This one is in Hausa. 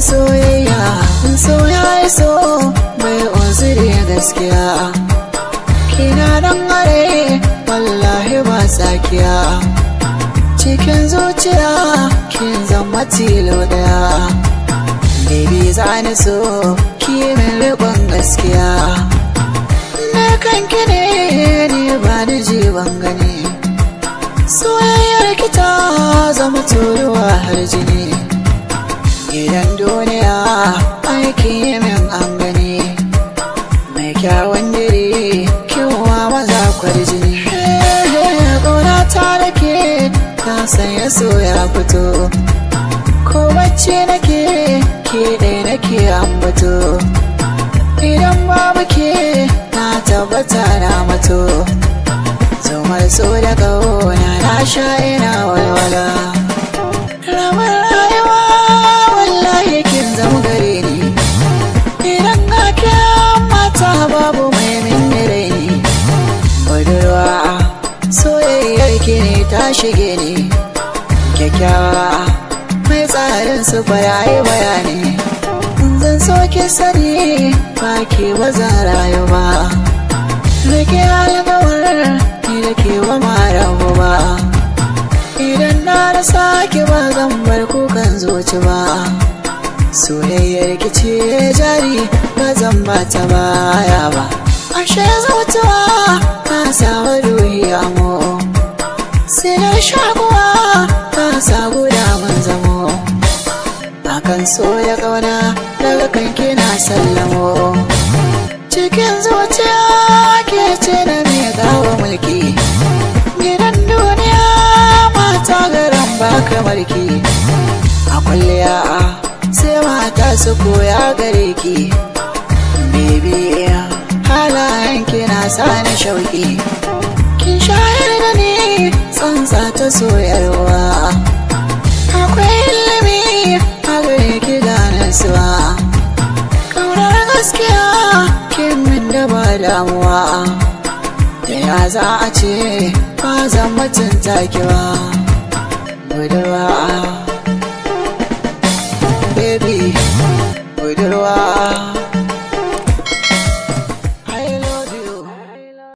soyayya in soya so mai uzuri gaskiya kina dan are wallahi ba tsakiya cikin zuciya kin zama tilo daya baby ni so ki min riƙon gaskiya na kanki ne ni ba ni jiban gani sai ya so ya fito ko wacce nake ke dai nake ambato idan babu muke na tabbata na mato zumar so da kawo na na sha ina walwala soyayyar ki ne ta shige ni kyakkyawa mai tsarin su bayayi bayani zan so sani baki ki maza rayu ba rike alkawar ki da ke wa mara ba idan na rasa ki ba zan bar kukan zoci ba soyayyar ki ce jari ba zan ba ta baya ba ashe na shaguwa ka guda daman zamo akan so kauna daga kanki na sallamo cikin zuciya ke ce da mai gawa mulki gidan duniya mata garin ba kamar ki a kwalliya sai mata su koya gare ki bibiya halayen na sani shauki kin shayar tsuntsa ta soyarwa akwai ilimi a gare ki ganasuwa ƙaunar gaskiya kimin da ba damuwa da ya za a ce ba zan mutunta ki ba budurwa baby budurwa